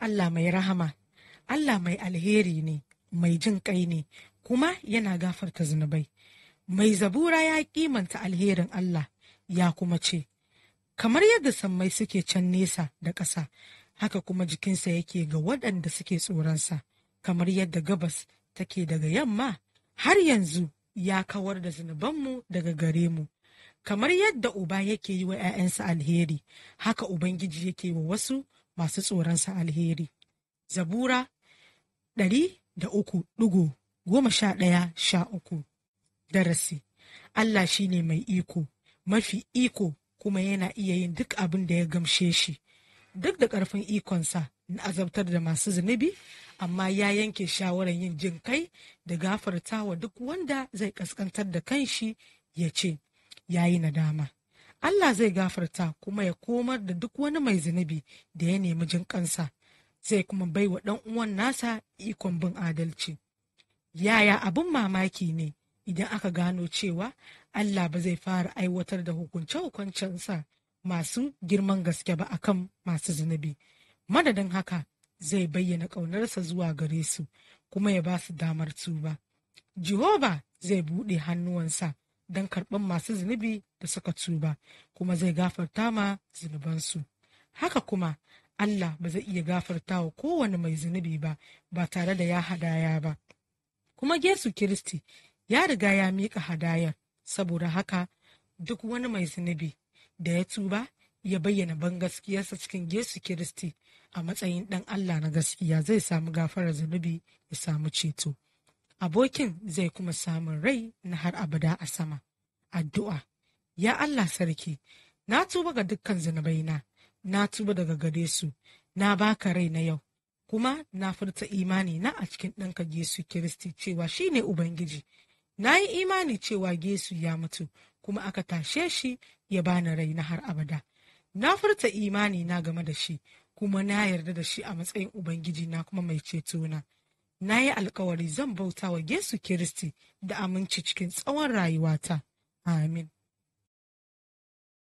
Allah mai rahama, Allah mai alheri ne, mai jin kai ne, kuma yana gafarta zunubai. Mai zabura ya kimanta alherin Allah ya kuma ce, Kamar yadda sammai suke can nesa da ƙasa, haka kuma jikinsa yake ga waɗanda suke tsoronsa, kamar yadda gabas take daga yamma, har yanzu ya kawar da zunubanmu daga gare mu. kamar yadda uba yake yi wa 'ya'yansa alheri haka ubangiji yake wa wasu masu tsoronsa alheri. Zabura ɗari da uku ɗigo goma sha ɗaya sha uku. Darasi Allah shi ne mai iko, mafi iko kuma yana iya yin duk abin da ya gamshe shi. Duk da ƙarfin ikonsa na azabtar da masu zunubi, amma ya yanke shawarar yin jin kai da gafartawa duk wanda zai ƙasƙantar da kanshi ya ce, ya yi nadama. Allah zai gafarta kuma ya komar da duk wani mai zunubi da ya nemi jin kansa zai kuma bai wa ɗan uwan nasa ikon bin adalci yaya abin mamaki ne idan aka gano cewa Allah ba zai fara aiwatar da hukunce-hukuncensa masu girman gaske ba akan masu zunubi madadin haka zai bayyana ƙaunarsa zuwa gare su kuma ya ba su damar tuba. Jehova zai buɗe hannuwansa don karɓar masu zunubi da suka tuba kuma zai gafarta ma zunubansu haka kuma Allah ba zai iya gafarta wa kowane mai zunubi ba ba tare da ya hadaya ba kuma Yesu Kiristi ya riga ya mika hadayar saboda haka duk wani mai zunubi da ya tuba ya bayyana ban gaskiyarsa cikin Yesu Kiristi a matsayin ɗan Allah na gaskiya zai samu gafarar zunubi ya samu ceto. abokin zai kuma samun rai na har abada a sama. Addu'a, ya Allah sarki, na tuba ga dukkan zunubaina, na tuba daga gare su, na baka rai na yau, kuma na furta imani na a cikin ɗanka Gesu Kiristi cewa shi ne Ubangiji. Na yi imani cewa Gesu ya mutu, kuma aka tashe shi ya bani rai na har abada. Na furta imani na game da shi, kuma na yarda da shi a matsayin Ubangiji na kuma mai ceto na. na yi alkawari zan bauta wa Yesu Kiristi da aminci cikin tsawon rayuwata. Amin.